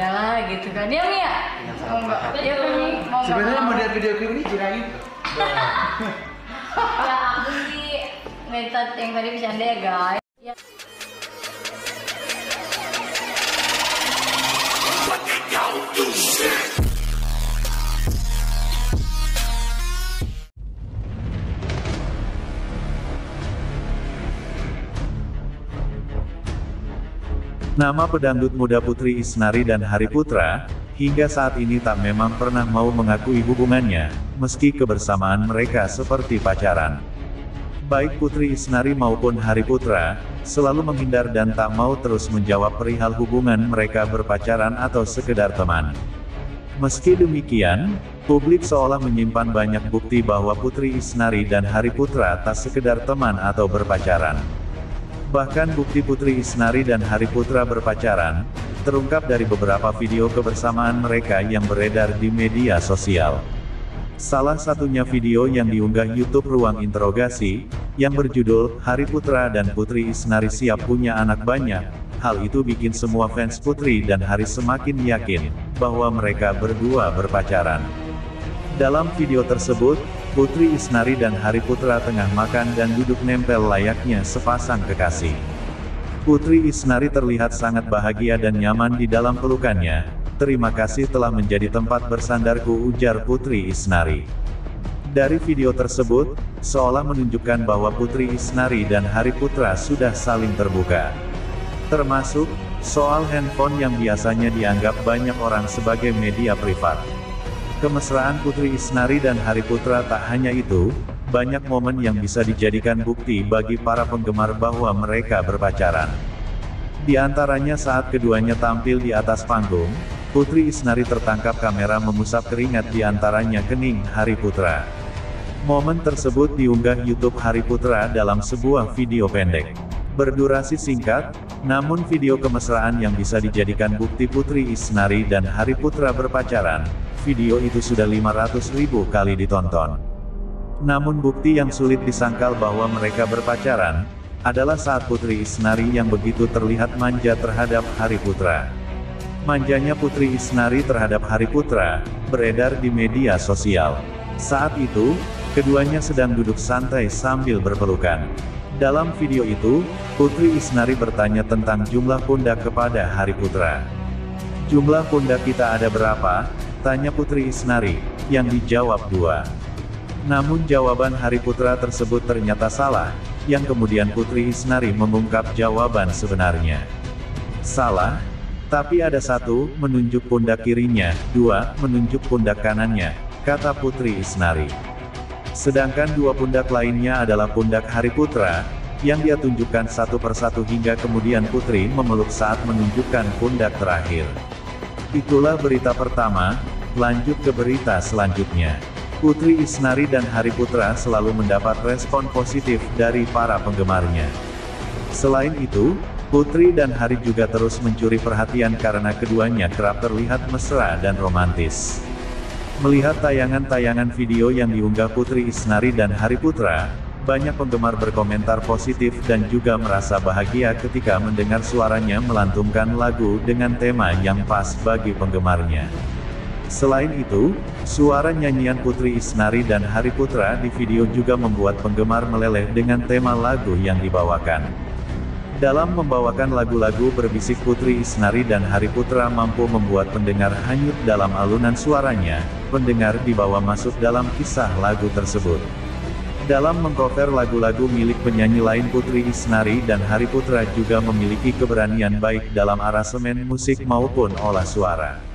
udahlah gitu kan ya Mia iya, mau nggak ya kan mau sebenarnya mau lihat video klip ini itu ya aku sih ngecat yang tadi bisa ya guys iya. Nama pedangdut muda Putri Isnari dan Hari Putra, hingga saat ini tak memang pernah mau mengakui hubungannya, meski kebersamaan mereka seperti pacaran. Baik Putri Isnari maupun Hari Putra, selalu menghindar dan tak mau terus menjawab perihal hubungan mereka berpacaran atau sekedar teman. Meski demikian, publik seolah menyimpan banyak bukti bahwa Putri Isnari dan Hari Putra tak sekedar teman atau berpacaran. Bahkan bukti Putri Isnari dan Hari Putra berpacaran, terungkap dari beberapa video kebersamaan mereka yang beredar di media sosial. Salah satunya video yang diunggah YouTube Ruang Interogasi, yang berjudul, Hari Putra dan Putri Isnari siap punya anak banyak, hal itu bikin semua fans Putri dan Hari semakin yakin, bahwa mereka berdua berpacaran. Dalam video tersebut, Putri Isnari dan Hari Putra tengah makan dan duduk nempel layaknya sepasang kekasih. Putri Isnari terlihat sangat bahagia dan nyaman di dalam pelukannya. Terima kasih telah menjadi tempat bersandarku ujar Putri Isnari. Dari video tersebut, seolah menunjukkan bahwa Putri Isnari dan Hari Putra sudah saling terbuka. Termasuk, soal handphone yang biasanya dianggap banyak orang sebagai media privat. Kemesraan Putri Isnari dan Hari Putra tak hanya itu, banyak momen yang bisa dijadikan bukti bagi para penggemar bahwa mereka berpacaran. Di antaranya saat keduanya tampil di atas panggung, Putri Isnari tertangkap kamera mengusap keringat di antaranya kening Hari Putra. Momen tersebut diunggah YouTube Hari Putra dalam sebuah video pendek. Berdurasi singkat, namun video kemesraan yang bisa dijadikan bukti Putri Isnari dan Hari Putra berpacaran, video itu sudah 500 ribu kali ditonton. Namun bukti yang sulit disangkal bahwa mereka berpacaran, adalah saat Putri Isnari yang begitu terlihat manja terhadap Hari Putra. Manjanya Putri Isnari terhadap Hari Putra, beredar di media sosial. Saat itu, keduanya sedang duduk santai sambil berpelukan. Dalam video itu, Putri Isnari bertanya tentang jumlah pundak kepada Hari Putra. Jumlah pundak kita ada berapa? Tanya Putri Isnari, yang dijawab dua. Namun jawaban Hari Putra tersebut ternyata salah, yang kemudian Putri Isnari mengungkap jawaban sebenarnya. Salah? Tapi ada satu, menunjuk pundak kirinya, dua, menunjuk pundak kanannya, kata Putri Isnari. Sedangkan dua pundak lainnya adalah pundak Hari Putra, yang dia tunjukkan satu persatu hingga kemudian Putri memeluk saat menunjukkan pundak terakhir. Itulah berita pertama, Lanjut ke berita selanjutnya. Putri Isnari dan Hari Putra selalu mendapat respon positif dari para penggemarnya. Selain itu, Putri dan Hari juga terus mencuri perhatian karena keduanya kerap terlihat mesra dan romantis. Melihat tayangan-tayangan video yang diunggah Putri Isnari dan Hari Putra, banyak penggemar berkomentar positif dan juga merasa bahagia ketika mendengar suaranya melantunkan lagu dengan tema yang pas bagi penggemarnya. Selain itu, suara nyanyian Putri Isnari dan Hari Putra di video juga membuat penggemar meleleh dengan tema lagu yang dibawakan. Dalam membawakan lagu-lagu berbisik Putri Isnari dan Hari Putra mampu membuat pendengar hanyut dalam alunan suaranya, pendengar dibawa masuk dalam kisah lagu tersebut. Dalam mengcover lagu-lagu milik penyanyi lain Putri Isnari dan Hari Putra juga memiliki keberanian baik dalam arasemen musik maupun olah suara.